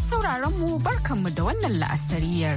masu sauraron mu barkanmu da wannan la'asariyar.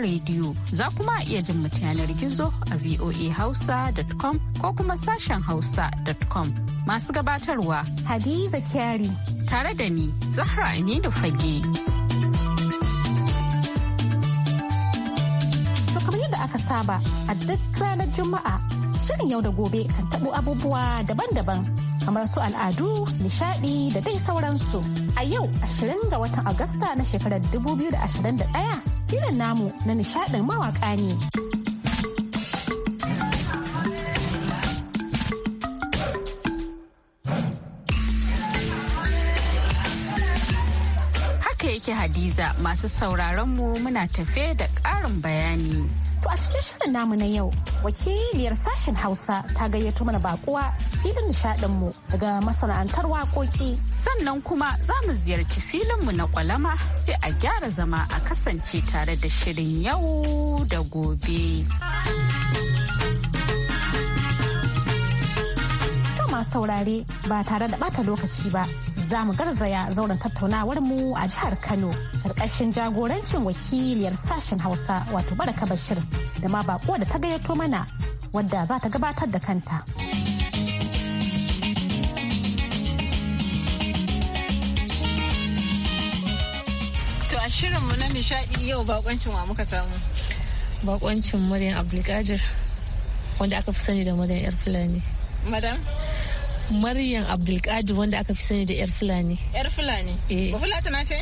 Radio. Za kuma iya jin mu yanar gizo a voahausa.com ko kuma sashen hausa.com. Masu gabatarwa Hadiza Kyari. Tare da ni Zahra Aminu Fage. To kamar yadda aka saba a duk ranar Juma'a shirin yau da gobe kan taɓo abubuwa daban-daban kamar su al'adu, nishaɗi da dai sauransu. A yau 20 ga watan Agusta na shekarar 2021 filin namu na nishadin mawaka ne. Haka yake Hadiza masu sauraron mu muna tafe da ƙarin bayani. To a cikin shirin namu na yau wakiliyar sashen Hausa ta gayyato mana bakuwa filin nishadinmu daga masana'antar waƙoƙi. Sannan kuma za mu ziyarci filinmu na kwalama sai a gyara zama a kasance tare da shirin yau da gobe. saurare ba tare da bata lokaci ba za mu garzaya zauren tattaunawar mu a jihar Kano karkashin jagorancin wakiliyar sashen Hausa wato Baraka Bashir da ma bako da ta gayyato mana wadda za ta gabatar da kanta. To a shirinmu na nishadi yau bakoncin wa muka samu. Bakoncin Maryam Abdulkadir wanda aka fi sani da Maryam 'yar Fulani. Madam? Maryam Abdulkadir wanda aka fi sani da yar Fulani. Yar Fulani? Eh. Ba Fulatana ce?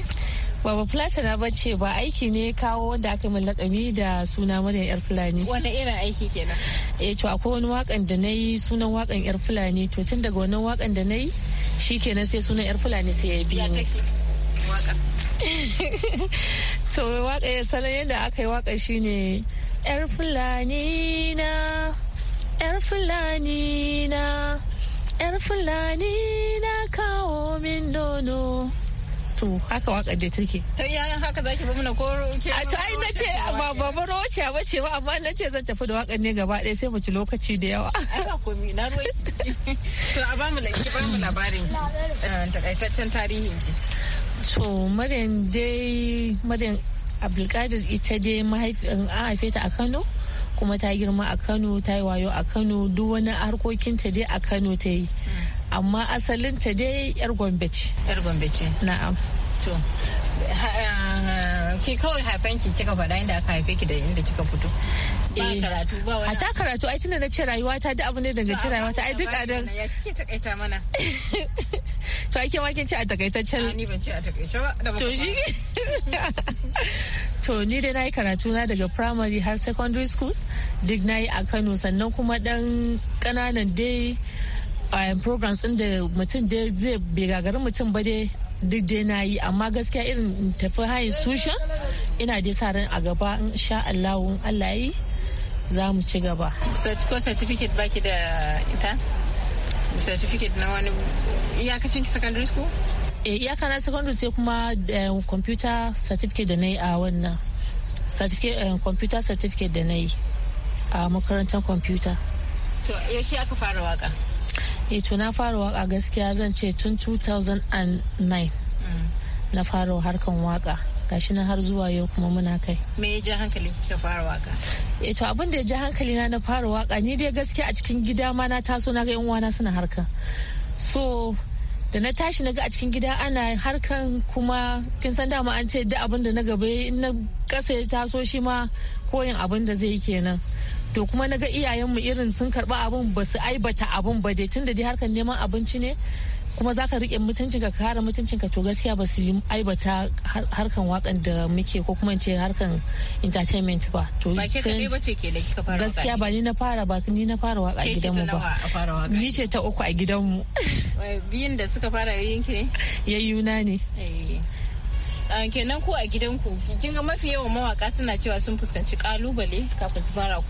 Ba ba Fulatana ba ce ba aiki ne kawo wanda aka yi lakami da suna Maryam yar Fulani. Wanda irin aiki kenan? Eh to akwai wani wakan da na yi sunan wakan yar Fulani to tun daga wannan wakan da na yi shi kenan sai sunan yar Fulani sai ya ni. Ya to waka. To eh, waka salon yadda aka yi waka ne yar Fulani na yar Fulani na 'yar fulani na kawo min nono to haka wakar da take ta yayan haka zaki ba mana koro ke a to ai nace ba ba baro ce ba ce ba amma nace zan tafi da wakar ne gaba ɗaya sai mu ci lokaci da yawa aka komi na ruwa to a ba mu ki ba mu labarin eh, takaitaccen tarihin ki to maryam dai maryam abdulkadir ita dai mahaifin an haife ta a kano kuma ta girma a kano ta yi wayo a kano duk wani harkokinta dai a kano ta yi amma asalinta dai yar gombe ce yar gombe ce na'am to eh, ki kawai haifan ki kika faɗa inda aka haife ki da inda kika fito ba eh, karatu ba wani a ta karatu ai tunda na ce rayuwa ta duk abin da daga ce rayuwa ta ai duk a dan ya kike takaita mana to ake ma ci a takaitaccen ni ban ci a takaice ba to shi to ni dai na yi karatu na daga primary har secondary school duk na yi a kano sannan kuma dan kananan dai um, programs ɗin da mutum dai zai bai gagarin mutum ba dai duk dai na yi amma gaskiya irin tafi high institution ina dai sa ran a gaba in sha Allah Allah yi za mu ci gaba. ko certificate baki da ita? certificate na wani iyakacin secondary school? eh iyaka na secondary sai kuma eh, computer certificate da na yi a wannan certificate eh, computer certificate da na yi a makarantar computer to yaushe aka fara waka eh to na fara waka gaskiya zan ce tun 2009 mm. na fara harkan waka gashi na har zuwa yau kuma muna kai me ya ji hankali kika fara waka eh to abin da ya ji hankali na na fara waka ni dai gaskiya a cikin gida ma na taso na ga yan uwana suna harka so da na tashi na ga a cikin gida ana harkan kuma kin san dama an ce duk abin da na gaba in na kasa ya taso shi ma koyin abin da zai kenan to kuma na ga iyayenmu irin sun karba abin ba su aibata abin ba dai tun da dai harkar neman abinci ne kuma za ka riƙe mutuncinka ka kare mutuncinka to gaskiya ba su yi aibata harkan wakan da muke ko kuma ce harkan entertainment ba to ba ke ba ce ke da kika fara gaskiya ba ni na fara ba ni na fara waka a gidanmu ba ni ce ta uku a gidanmu biyun da suka fara ya ne yuna eh. ne kenan ko a gidanku kin ga mafi yawan mawaka suna cewa sun fuskanci kalubale kafin su fara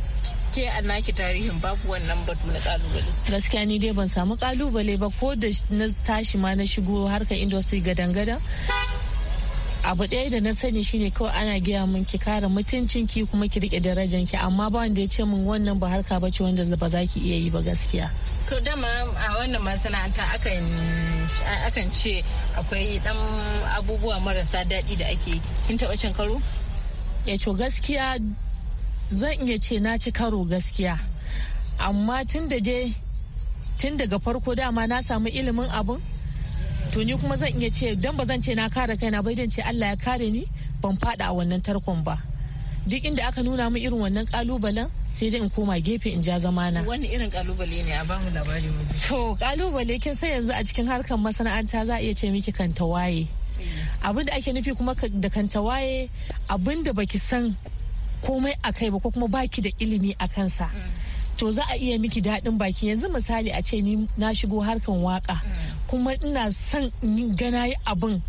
ke a naki tarihin babu wannan batu na kalubale gaskiya ni dai ban samu kalubale ba ko da na tashi ma na shigo harkar industry gadan-gadan abu ɗaya da na sani shine kawai ana gaya min ki kare mutuncin ki kuma ki rike darajan ki amma ba wanda ya ce min wannan ba harka ba ce wanda ba za ki iya yi ba gaskiya to dama a wannan masana'anta akan akan ce akwai dan abubuwa marasa daɗi da ake kin taɓa cin karo ya eh to gaskiya zan iya ce na ci karo gaskiya amma tun da je tun daga farko dama na samu ilimin abin to ni kuma zan iya ce don ba zan ce na kare kaina bai idan ce Allah ya kare ni ban fada a wannan tarkon ba duk inda aka nuna mu irin wannan kalubalen sai dai in koma gefe in ja zamana wani irin kalubale ne a bamu labari mu to kalubale kin sai yanzu a cikin harkar masana'anta za a iya ce miki kan tawaye mm. abin da ake nufi kuma da kan tawaye abin da baki san komai a kai ba ko kuma baki da ilimi a kansa to za a iya miki daɗin baki yanzu misali a ce ni na shigo harkan waka kuma ina son gana yi abin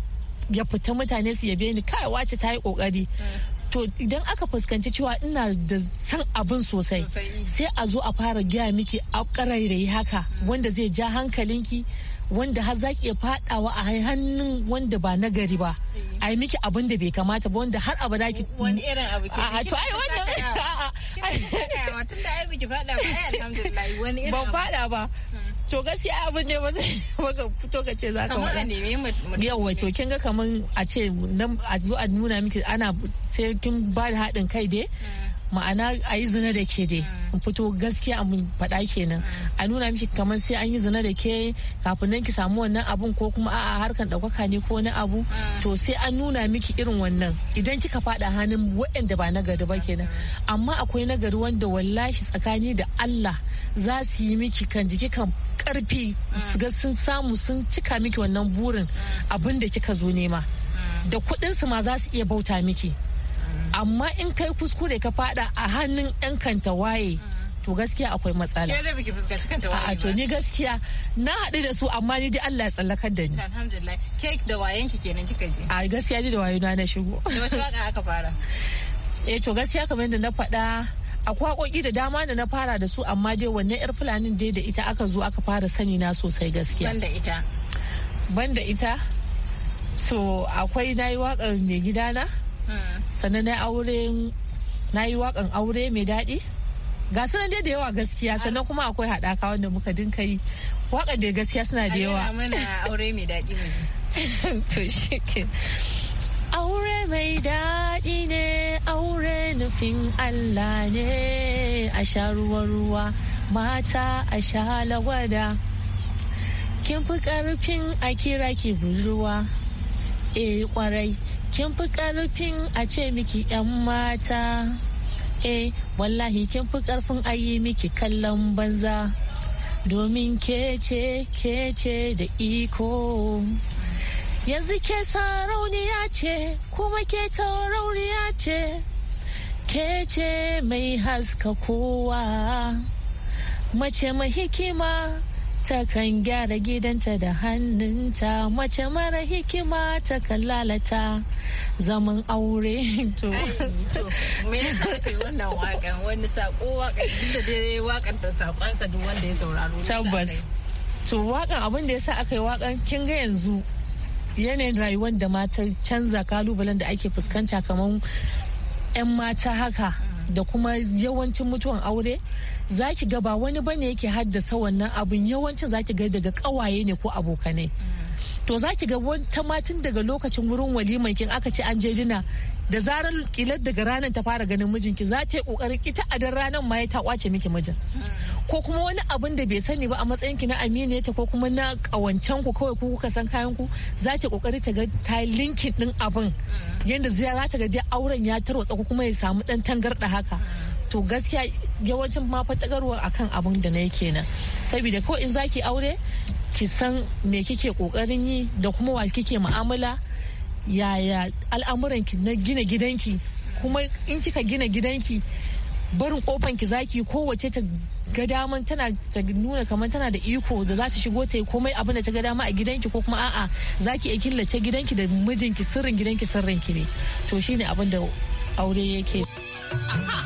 ya fita mutane su yabe ni kai wace ta yi kokari to idan aka fuskanci cewa ina da san abin sosai sai a zo a fara gaya miki a yi haka wanda zai ja hankalinki wanda har za ki iya fadawa a hannun wanda ba nagari ba eh. a yi miki abin da bai kamata ba wanda har abada ki wani irin abu ke a to ai wannan tun da ai biki fada ba ai alhamdulillah wani irin ban fada ba hmm. to gaskiya abin ne ba zai baka fito ka ce za ka faɗa yawa to kin ga kaman a ce a zo a nuna miki ana sai kin ba da haɗin kai dai hmm. ma'ana a yi zina da ke dai in fito gaskiya a faɗa kenan a nuna miki kamar sai an yi zina da ke kafin nan ki samu wannan abun ko kuma a'a harkan ɗaukaka ne ko wani abu to sai an nuna miki irin wannan idan kika faɗa hannun waɗanda ba nagari ba kenan amma akwai nagari wanda wallahi tsakani da Allah za su yi miki kan jiki kan karfi ga sun samu sun cika miki wannan burin abin da kika zo nema da kuɗinsu ma za su iya bauta miki amma in kai kuskure ka fada a hannun yan kanta waye to gaskiya akwai matsala a to ni gaskiya na haɗu da su amma ni dai Allah ya tsallakar da ni da kenan kika je a gaskiya ni da wayo na na shigo da wasu aka fara eh to gaskiya kamar yadda na faɗa akwai kwakoki da dama da na fara da su amma dai wannan yar fulanin dai da ita aka zo aka fara sani na sosai gaskiya banda ita banda ita to akwai na yi waƙar mai gidana sannan na aure na yi wakan aure mai daɗi ga sunan dai da yawa gaskiya sannan kuma akwai haɗaka wanda muka dinka yi wakan da gaskiya suna da yawa aure mai daɗi ne to aure mai daɗi ne aure nufin Allah ne a sha ruwa ruwa mata a sha lawada kin fi ƙarfin a kira ki budurwa eh kwarai kin fi karfin a ce miki yan mata eh wallahi kin fi karfin ayi miki kallon banza domin kece kece da iko yanzu ke sarauniya ce kuma ke taurauniya ce ke mai haska kowa mace mai hikima takan gyara gidanta da hannunta mace mara hikima ta kan lalata zaman aure to me wannan wakan wani sako wakan da dai wakan da sakonsa duk wanda ya sauraro tabbas to wakan abin da yasa aka yi wakan kin ga yanzu yanayin rayuwar da mata canza kalubalen da ake fuskanta kamar 'yan mata haka da kuma yawancin mutuwan aure za ki ga ba wani bane yake haddasa wannan abin yawancin za ki ga daga kawaye ne ko abokanai to za ki ga wata matin daga lokacin wurin waliman kin aka ce an je jina da zarar kilar daga ranar ta fara ganin mijinki za ta yi kokarin ita a ranar ma ya ta kwace miki mijin ko kuma wani abin da bai sani ba a matsayin ki na aminiyata ko kuma na kawancen ku kawai ku kuka san kayan ku za ki kokari ta ga ta linkin din abin yanda za ta ga dai auren ya tarwatsa ko kuma ya samu dan tangarda haka to gaskiya yawancin ma fatagarwa akan abin da na kenan saboda ko in zaki aure ki san me kike kokarin yi da kuma wa kike mu'amala yaya al'amuran ki na gina gidanki kuma in kika gina gidanki barin kofan ki zaki kowace ta ga daman tana ta nuna kamar tana da iko da za ta shigo ta yi komai abin da ta ga dama a gidanki ko kuma a'a za ki iya killace gidanki da mijinki sirrin gidanki sirrinki ne to shine abin da aure yake. Aha.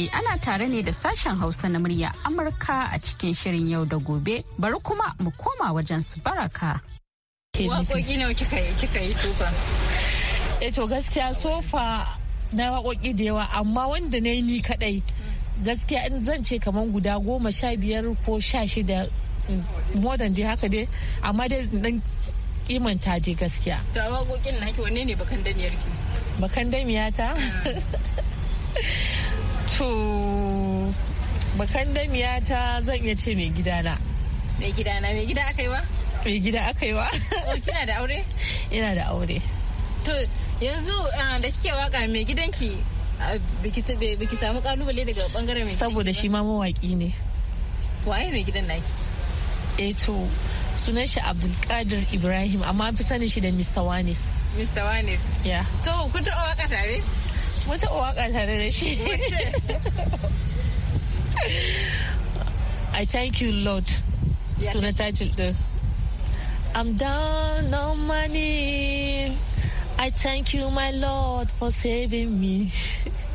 dai ana tare ne da sashen Hausa na murya Amurka a cikin shirin yau da gobe. Bari kuma mu koma wajen su baraka. Waƙoƙi ne kika yi sofa? E eh to gaskiya sofa na waƙoƙi da yawa amma wanda na yi ni kaɗai. Gaskiya in zan ce kamar guda goma sha biyar ko sha shida mm, modern dai haka dai amma dai dan imanta dai gaskiya. Da waƙoƙin naki wanne ne bakan damiyar ki? Bakan damiyata. Ah. To, makandamiya ta zan iya ce mai gidana. Mai gidana, mai gida aka yi wa? Mai gida aka yi wa. Oh, kina da aure? Ina da aure. To, yanzu ah, da kike waka mai gidanki ah, biki samu kalubale daga bangaren mai Saboda shi ma mawaki ne. Waye mai gidan naki? E to, sunan shi Abdulkadir Ibrahim, amma fi sanin shi da Mr. Wanis. Mr. Wanis? Ya. To, kun taɓa waka tare? mun taɓa waka tare da shi I thank you Lord suna tajil din I'm down on my knee I thank you my Lord for saving me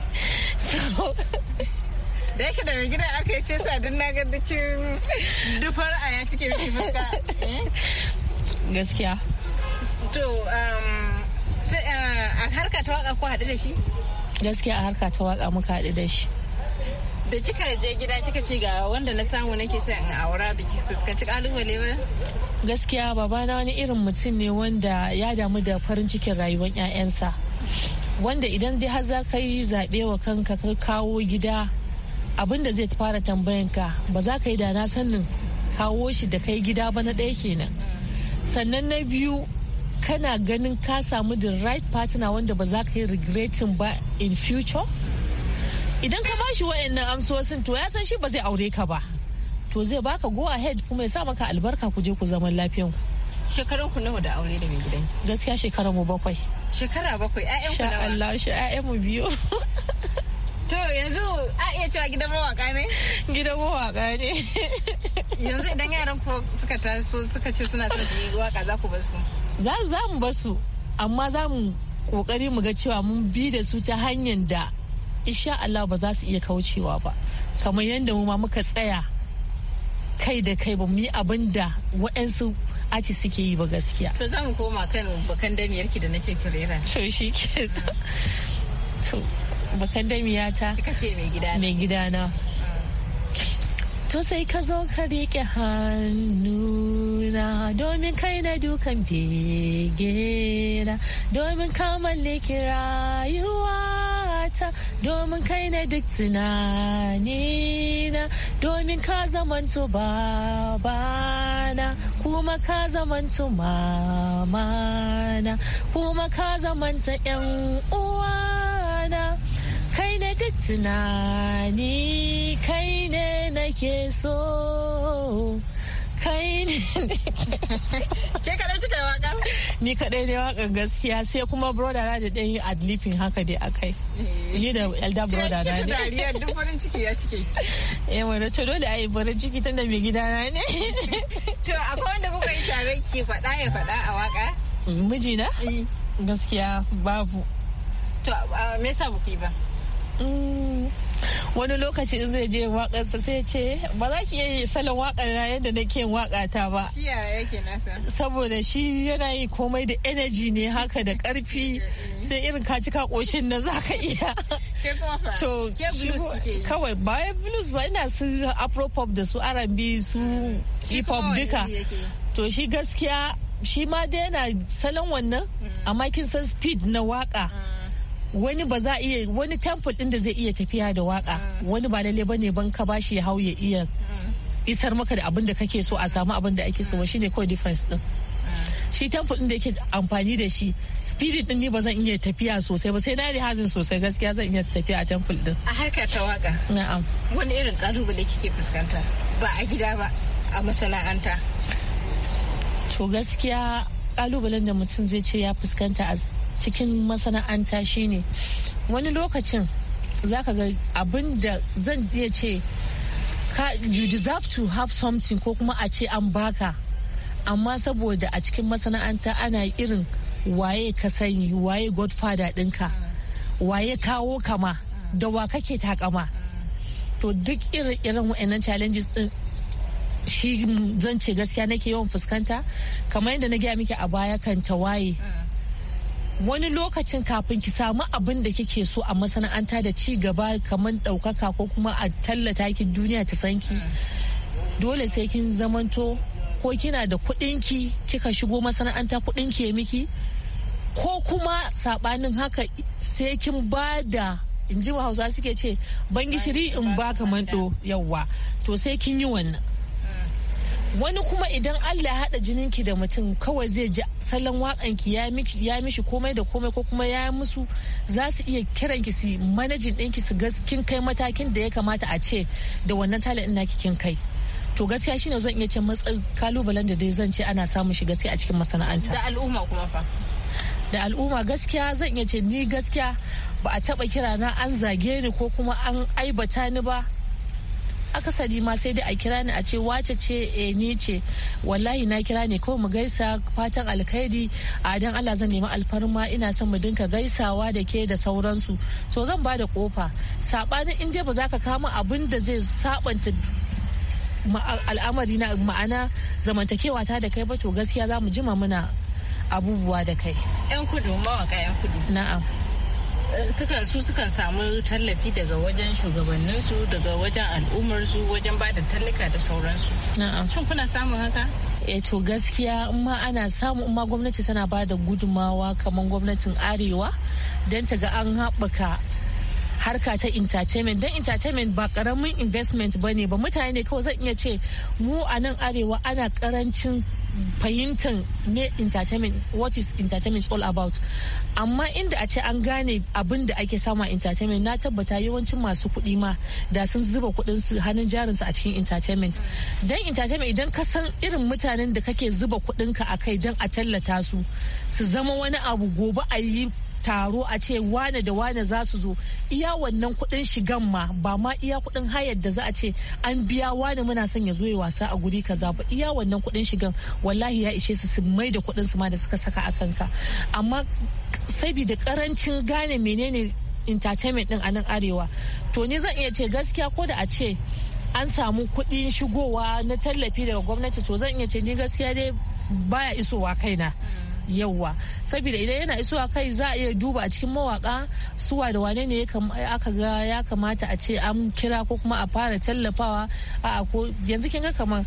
so da yake da mai gida aka yi sai sa don na ga cikin dufar a ya cike mishi fuska gaskiya to um, uh, a harka ta waka ko haɗu da shi gaskiya a harka ta waka muka haɗu da shi da kika je gida kika ce ga wanda na samu nake son in aura biki fuskanci kalubale ba gaskiya baba na wani irin mutum ne wanda ya damu da farin cikin rayuwar 'ya'yansa wanda idan dai har za ka yi zaɓe wa kanka ka kawo gida abin da zai fara tambayan ka ba za ka yi da na sanin kawo shi da kai gida ba na ɗaya kenan sannan na biyu kana ganin ka samu the right partner wanda ba za ka yi regretting ba in future idan ka ba shi wa'annan amsosin to ya san shi ba zai aure ka ba to zai baka go ahead kuma ya sa maka albarka ku je ku zaman lafiyan ku shekaran ku nawa da aure da mai gidan gaskiya shekara mu bakwai shekara bakwai ƴaƴan ku nawa Allah shi ƴaƴan mu biyu to yanzu a iya cewa gidan mawaka ne gidan mawaka ne yanzu idan yaran ku suka taso suka ce suna son su yi waka za ku bar su za mu basu amma za mu kokari mu ga cewa mun bi da su ta hanyar da insha Allah ba za su iya kaucewa ba kamar yadda mu ma muka tsaya kai da kai ba mu yi abin da waɗansu aci suke yi ba gaskiya. To za mu koma kan bakan damiyar ki da nake kirera. To shi ke to bakan ta Kika ce mai gidana. Mai gidana. Ah. To sai ka zo ka riƙe hannu. kira domin kai na dukan begera domin ka mallaki rayuwata domin kai na duk tunanina domin ka zamanto babana kuma ka zamanto mamana kuma ka zamanta yan uwana kai ne duk tunani kai ne nake so kai ne ke kadai kika yi waka ni kadai ne waka gaskiya sai kuma broda na da dan yi adlifin haka dai kai eh. ni da elda broda na ne dariya duk ciki ya cike eh to dole ai farin ciki tunda mai gida na ne to akwai wanda kuka yi tare ki faɗa ya faɗa a waka mijina eh. gaskiya babu to me yasa ba ba mm. wani lokaci in zai je waƙarsa sai ce ba za ki yi salon waƙar na yadda nake waka ta ba saboda shi yana yi komai da energy ne haka da karfi sai irin ka cika ƙoshin na za ka iya to kawai bayan blues ba ina su apropop da su R&B su hip hop duka to shi gaskiya shi ma dai yana salon wannan mm. amma kin san speed na waƙa mm. wani ba za iya wani temple din da zai iya tafiya da waka mm. wani ba lalle bane ban ka bashi ya hau ya iya mm. isar maka da abin da kake so a samu abin da ake so mm. shi ne kawai difference din shi temple din da yake amfani da shi spirit din ni ba zan iya tafiya sosai ba sai na rihazin sosai gaskiya zan iya tafiya a temple din a harkar ta waka na'am wani irin kalubale kike fuskanta ba a gida ba a masana'anta to gaskiya kalubalen da mutum zai ce ya fuskanta a. cikin masana'anta shine wani lokacin za ka ga abin da zan iya ce you deserve to have something ko kuma a ce an baka amma saboda a cikin masana'anta ana irin waye ka sani waye godfather ɗinka waye kawo kama da wa kake takama to duk irin wa'annan challenges din shi zan ce gaskiya nake yawan fuskanta kamar yadda na gaya miki a baya kan tawaye. waye wani lokacin kafin ki samu abin da kike so a masana'anta da ci gaba kamar ɗaukaka ko kuma a tallata ki duniya ta san ki dole sai kin zamanto ko kina da kuɗinki kika shigo masana'anta kuɗinki ya miki ko kuma saɓanin haka sai kin ba da in ji hausa suke ce ban gishiri in ka manɗo yawa to sai kin yi wannan wani kuma idan Allah ya haɗa jininki da mutum kawai zai ji salon waƙanki ya mishi komai da komai ko kuma ya musu za su iya kiranki su manajin ɗinki su gaskin kai matakin da ya kamata a ce da wannan talent naki kin kai to gaskiya shine zan iya ce matsayin kalubalen da dai zan ce ana samun shi gaskiya a cikin masana'anta da al'umma kuma fa da al'umma gaskiya zan iya ce ni gaskiya ba a taba kira na an zage ni ko kuma an aibata ni ba akasari ma sai dai a kira ni a ce wace ce e ni ce wallahi na kira ne kawai mu gaisa fatan alkhairi a dan Allah zan nemi alfarma ina son mu dinka gaisawa da ke da sauransu to zan ba da kofa sabanin in dai ba za ka kama abin da zai sabanta al'amari na ma'ana zamantakewa ta da kai ba to gaskiya za mu jima muna abubuwa da kai. 'Yan kudu mawaka 'yan kudu. Na'am. suka su sukan samu tallafi daga wajen shugabannin su daga wajen al'ummar su wajen ba da tallika da sauransu shin kuna samun haka e to gaskiya in ma ana samu in ma gwamnati tana ba da gudumawa kamar gwamnatin arewa don ta ga an haɓaka harka ta entertainment don entertainment ba karamin investment ba ne ba mutane ne kawai zan iya ce mu a nan arewa ana karancin fahimtar me entertainment what is entertainment all about amma inda a ce an gane abin da ake samu a entertainment na tabbata yawancin masu kuɗi ma da sun zuba kuɗin su hannun jarin su a cikin entertainment dan entertainment idan ka san irin mutanen da kake zuba kuɗin ka kai dan a tallata su su zama wani abu gobe a yi taro a ce wane da wane za su zo iya wannan kuɗin shigan ma ba ma iya kuɗin hayar da za a ce an biya wane muna son ya zo ya wasa a guri kaza ba iya wannan kuɗin shigan wallahi ya ishe su su mai da kuɗin su ma da suka saka a kanka amma sabida karancin gane menene entertainment din a nan arewa to ni zan iya ce gaskiya ko da a ce an samu kuɗin shigowa na tallafi daga gwamnati to zan iya ce ni gaskiya dai baya isowa kaina. yauwa saboda idan yana isuwa kai za a iya duba a cikin mawaka suwa da wane ne aka ga ya kamata a ce an kira ko kuma a fara tallafawa a ko yanzu kin ga kamar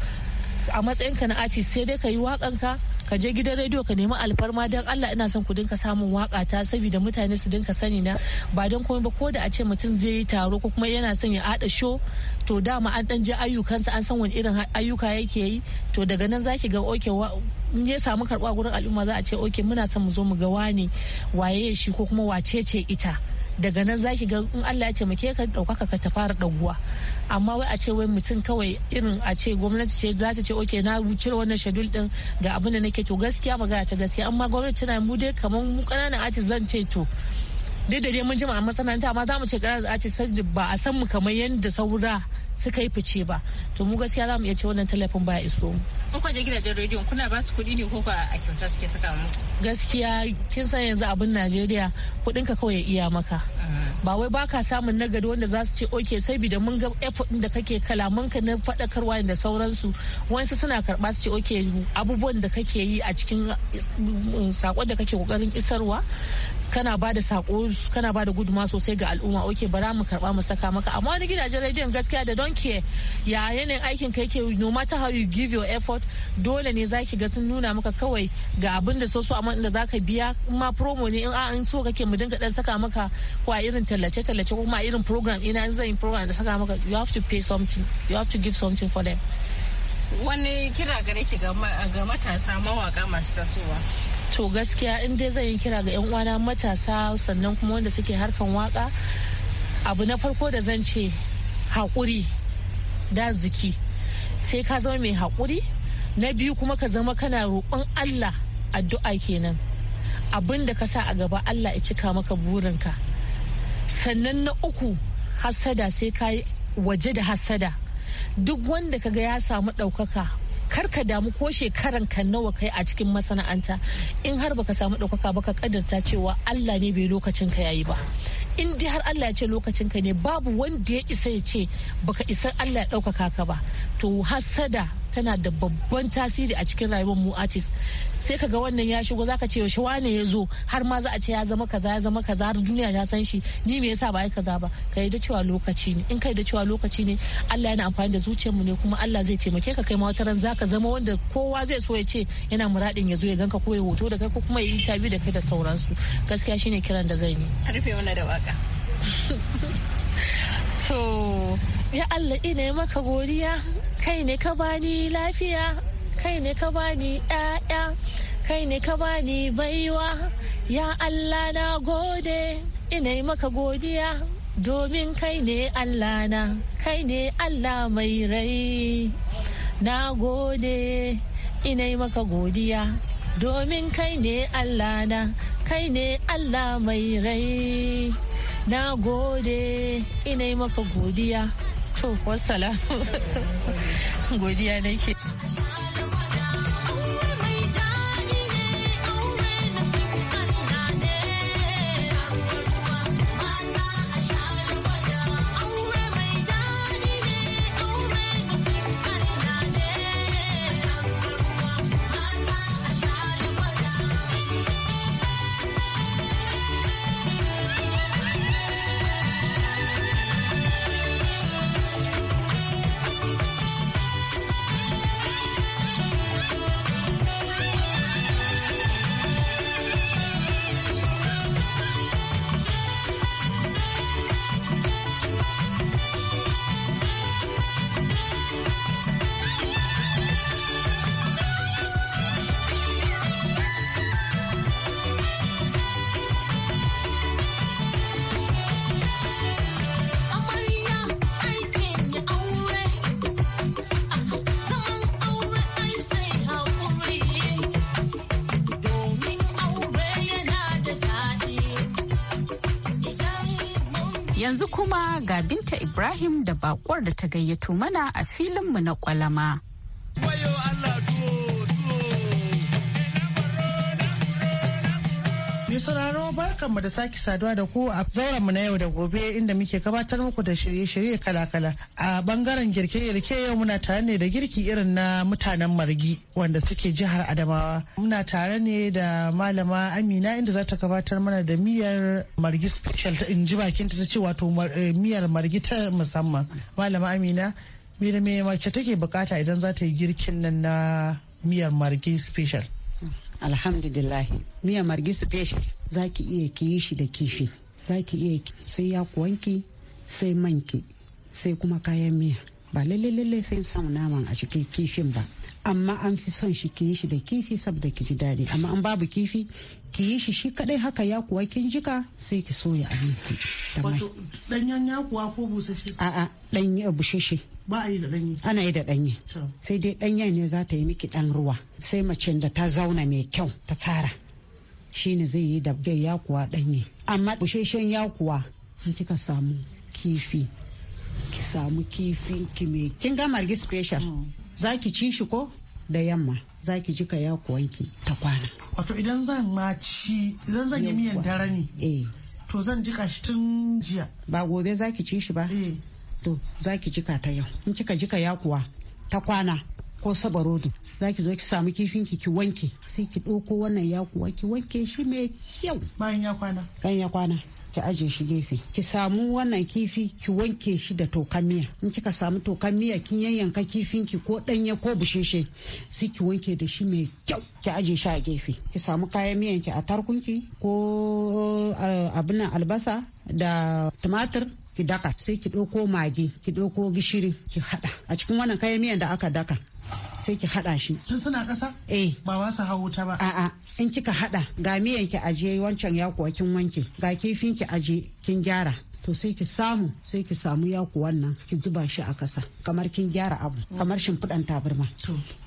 a matsayinka na artist sai dai ka yi waƙanka ka je gidan rediyo ka nemi alfarma don Allah ina son ku dinka samun waka ta saboda mutane su dinka sani na ba don komai ba ko da a ce mutum zai yi taro ko kuma yana son ya haɗa sho. to dama an dan je ayyukansa an san wani irin ayyuka yake yi to daga nan za ki ga oke in ya samu karɓa gurin al'umma za a ce oke muna son mu zo mu ga wane waye shi ko kuma wace ce ita daga nan za ki ga in Allah ya taimake ka ɗaukaka ka ta fara ɗaguwa amma wai a ce wai mutum kawai irin a ce gwamnati ce za ta ce oke na wuce wannan shadul din ga abin da nake to gaskiya magana ta gaskiya amma gwamnati tana mu dai kamar mu ƙananan artist zan ce to duk da dai mun jima a masana'anta amma za mu ce kara a ce ba a san mu kamar yadda saura suka yi fice ba to mu gaskiya za mu iya ce wannan talafin ba iso mu. Kun kwaje gidajen rediyon kuna ba su kuɗi ne ko ba a kyauta suke saka muku? gaskiya kin san yanzu abin najeriya kudin ka kawai iya maka ba wai baka samun nagari wanda za su ce oke sai da mun ga effort da kake kalamanka ka na faɗakarwa da sauransu wasu suna karba su ce oke abubuwan da kake yi a cikin mm, sakon da kake kokarin isarwa kana ba da sako kana ba da guduma sosai ga al'umma oke bara mu karba mu saka maka amma wani gidajen rediyon gaskiya da don ke ya yanayin aikin ka yake no matter how you give your effort dole ne zaki ga sun nuna maka kawai ga abin da so su amma kuma inda za ka biya in ma promo ne in an so kake mu dinga dan saka maka ko a irin tallace tallace ko kuma a irin program ina in zan yi program da saka maka you have to pay something you have to give something for them wani kira gare ki ga matasa mawaka masu tasowa to gaskiya in dai zan yi kira ga 'yan uwana matasa sannan kuma wanda suke harkan waka abu na farko da zan ce haƙuri da ziki sai ka zama mai haƙuri na biyu kuma ka zama kana roƙon allah addu'a kenan abin da ka sa a gaba Allah ya cika maka burinka sannan na uku hasada sai ka yi waje da hasada duk wanda kaga ya samu ɗaukaka ka damu ko shekaran ka nawa kai a cikin masana'anta in har baka samu ɗaukaka ba ka kadarta cewa Allah ne bai lokacin ka yayi ba in dai har Allah ya ce lokacin ka ne babu wanda ya isa ya ce baka isa Allah ya ɗaukaka ka ba to hasada. tana da babban tasiri a cikin rayuwar mu artist sai ka ga wannan ya shigo zaka ce yaushe wane ya zo har ma za a ce ya zama kaza ya zama kaza har duniya ta san shi ni me yasa ba ai kaza ba ka yi da cewa lokaci ne in ka yi da cewa lokaci ne Allah yana amfani da zuciyar mu ne kuma Allah zai taimake ka kai ma wata ran zaka zama wanda kowa zai so ya ce yana muradin ya zo ya ganka ko ya hoto da kai ko kuma ya yi tabi da kai da sauransu gaskiya shine kiran da zan yi rufe wannan da waka to ya Allah ina maka godiya kai ne ka bani lafiya kai ne ka bani ɗaya kai ne ka bani baiwa ya allah na gode ina yi maka godiya domin kai ne allah na kai ne allah mai rai na gode ina yi maka godiya domin kai ne allah na kai ne allah mai rai na gode ina yi maka godiya to wassalamu godiya nake Yanzu kuma ga Binta Ibrahim da bakuwar da ta gayyato mana a filin mu na kwalama. mu da sake saduwa da ku a zauren mu na yau da gobe inda muke gabatar muku da shirye-shirye kala-kala. A bangaren girke-girke yau muna tare ne da girki irin na mutanen margi wanda suke jihar Adamawa. Muna tare ne da malama Amina inda za ta gabatar mana da miyar margi special ta in ji bakinta ta ce wato eh, miyar margi ta musamman. Malama Amina, me da me mace take bukata idan za ta yi girkin nan na miyar margi special? alhamdulillahi miya margi special za ki iya ki yi shi da kifi za ki iya sai ya kuwanki sai manki sai kuma kayan miya ba lalle lalle sai samu naman a cikin kifin ba amma an fi son shi ki yi shi da kifi saboda ki ji daɗi amma an babu kifi ki yi shi shi kadai haka ya kuwa kin jika sai ki soya abinki da mai wato ɗanyen ya kuwa ko busasshe a'a ɗanyen ya busashe. ba a yi da ɗanye ana yi da ɗanye sai dai ɗanyen ne za ta yi miki ɗan ruwa sai macen da ta zauna mai kyau ta tsara ne zai yi da bai yakuwa ɗanye amma busheshen yakuwa in kika samu kifi ki samu kifi ki mai kin ga margi special mm. za ki ci shi ko da yamma za ki jika ki ta kwana wato idan zan ma ci idan zan yi miyan dare ne eh. to zan jika shi tun jiya ba gobe za ki ci shi ba eh. to za ki jika ta yau in kika jika ya kuwa ta kwana ko sabarodu za ki zo ki samu kifin ki ki wanke sai ki ɗauko wannan ya kuwa ki wanke shi mai kyau bayan ya kwana bayan ya kwana ki aje shi gefe ki samu wannan kifi ki wanke shi da tokan miya in kika samu tokan miya kin yayyanka kifin ki ko danye ko busheshe sai ki wanke da shi mai kyau ki aje shi a gefe ki samu kayan miyan ki a tarkunki ko eh, abin albasa da tumatir ki daka sai ki ɗauko magi ki ɗauko gishiri ki haɗa a cikin wannan kayan miyan da aka daka sai ki hada shi. Sun suna ƙasa. Eh. Ba wasa hawo ta ba. a in kika hada ga miyan ki aje wancan ya kuwa kin wanke ga kifin ki aje kin gyara. To sai ki samu sai ki samu yaku wannan ki zuba shi a kasa kamar kin gyara abu kamar shimfiɗan tabarma.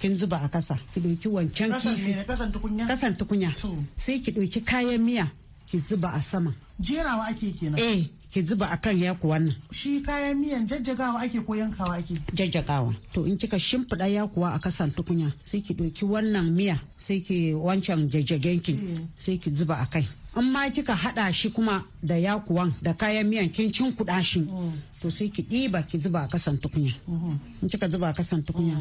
Kin zuba a kasa ki ɗauki wancan kifi. Kasan tukunya? Kasan tukunya. Sai ki ɗauki kayan miya ki zuba a sama. Jerawa ake kenan. Eh ki zuba akan kan yaku wannan shi kayan miyan jajjagawa ake ko yankawa ake jajjagawa to in kika shimfiɗa yakuwa a kasan tukunya sai ki ɗauki wannan miya sai ki wancan jajjagen ki eh. sai ki zuba a kai. in ma kika haɗa shi kuma da yakuwan da kayan miyan kin cin kuɗa shi to sai ki ɗiba ki zuba kasan tukunya in kika zuba kasan tukunya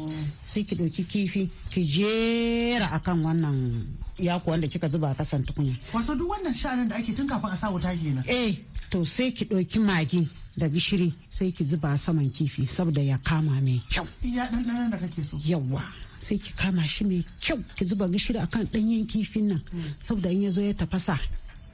sai ki ɗauki kifi ki jera akan wannan yakuwan da kika zuba kasan tukunya wato duk wannan sha'anin da ake tun kafin a sa wuta kenan eh to sai ki ɗauki magi da gishiri sai ki zuba saman kifi saboda ya kama mai kyau. Iya ɗanɗanon da kake so. Yawwa. sai ki kama shi mai kyau ki zuba gishiri akan ɗanyen kifin nan mm. saboda in ya zo ya tafasa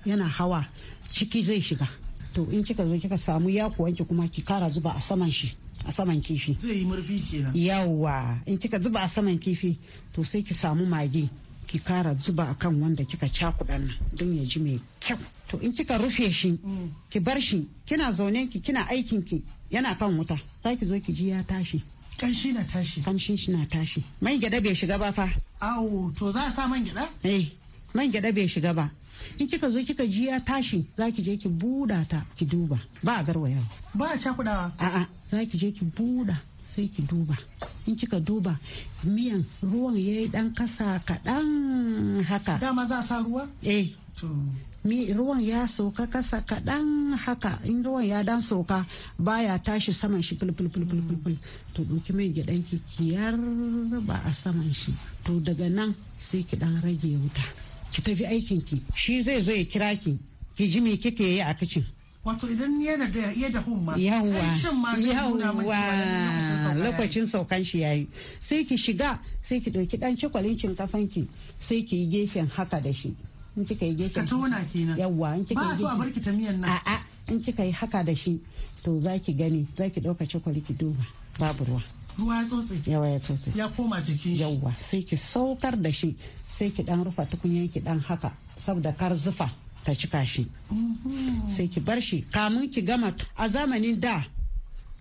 yana hawa ciki zai shiga to in kika zo kika samu ya yakuwanki kuma ki kara zuba a saman shi a saman kifi zai yi murfi kenan yawa in kika zuba a saman kifi to sai ki samu magi ki kara zuba akan wanda kika cakuɗa nan don ya ji mai kyau to in kika rufe shi mm. ki bar shi kina zaune ki kina aikin ki yana kan wuta za ki zo ki ji ya tashi kanshi na tashi kanshi shi na tashi man gyada bai shiga ba fa awo to za a sa man gyada eh man gyada bai shiga ba in kika zo kika ji ya tashi za ki je ki buɗa ta ki duba ba a garwaya ba a cakudawa a'a za ki je ki buɗa sai ki duba in kika duba miyan ruwan ya yi dan kasa kaɗan haka dama za a sa ruwa eh ruwan ya sauka kasa kaɗan haka in ruwan ya dan sauka baya tashi saman shi fulfulfulfulful to mai gidan ki kiyar a saman shi to daga nan sai ki dan rage wuta ki tafi aikin ki shi zai zo ya kira ki ki ji me kike yi a kicin wato idan yana da iya da hun ma yawwa yawwa lokacin saukan shi yayi sai ki shiga sai ki ɗauki ɗan cikwalin cin ki sai ki yi gefen haka da shi in kika yi gefen ka tona kenan yawwa in kika yi ba so a barki ta miyan nan a'a in kika yi haka da shi to zaki gani zaki ɗauka cikwali ki duba babu ruwa ruwa sosai. yawa ya tsotse ya koma jiki yawa sai ki saukar da shi sai ki dan rufa tukunyan ki dan haka saboda kar zufa ta cika shi mhm. sai ki bar shi kamun ki gama a zamanin da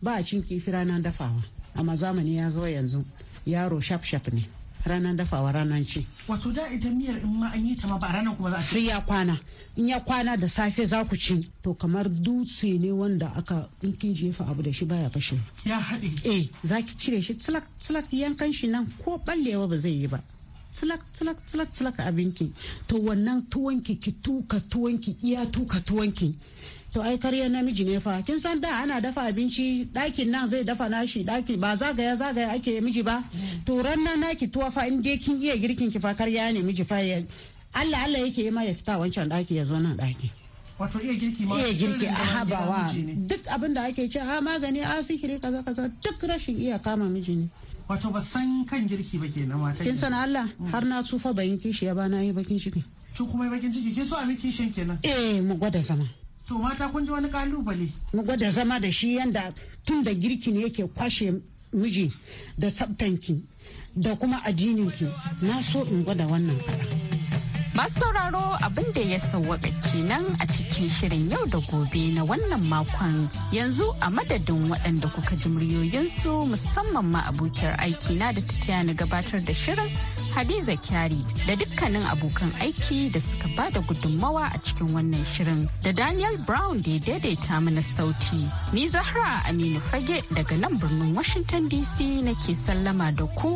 ba a cin kifi ranar dafawa amma zamani ya zo yanzu yaro shaf shaf ne ranar dafawa ranar ce. Wato da ita miyar in ma an yi ta ma ba ranar kuma za a ci. Sai ya kwana. In ya kwana da safe za ku ci. To kamar dutse ne wanda aka in kin jefa abu da shi baya kashe. Ya haɗe. Eh za ki cire shi tsilak tsilak yankan shi nan ko ɓallewa ba zai yi ba. tsilak tsilak tsilak tsilak abinki to wannan tuwonki ki tuka tuwonki iya tuka tuwonki to ai karya namiji ne fa kin san da ana dafa abinci ɗakin nan zai dafa nashi ɗaki ba zagaya zagaya ake miji ba to ranar naki tuwa fa in dai kin iya girkin ki fa karya ne miji fa ya Allah Allah yake yi ma ya fita wancan ɗaki ya zo nan ɗaki wato iya girki ma iya girki a habawa duk abin da ake ce a magani a sihiri kaza kaza duk rashin iya kama miji ne wato ba san kan girki ba kenan mata kin san Allah mm. har na tsufa bayin kishi ya ba na yi bakin ciki kin kuma bakin ciki kin so a miki shan kenan eh mu gwada zama To mata kun ji wani kalubale. Mu gwada zama da shi yanda tun da girki ne yake kwashe miji da sabtanki da kuma ajininki na so in gwada wannan kaɗan. Masu sauraro abin da ya sauwaka kenan a cikin shirin yau da gobe na wannan makon yanzu a madadin waɗanda kuka ji muryoyinsu musamman ma abokiyar aiki na da na gabatar da shirin Hadiza Kyari da dukkanin abokan aiki da suka ba da gudunmawa a cikin wannan shirin da Daniel Brown da ya daidaita mana sauti. Ni Zahra Aminu Fage daga nan birnin Washington DC nake sallama da ku.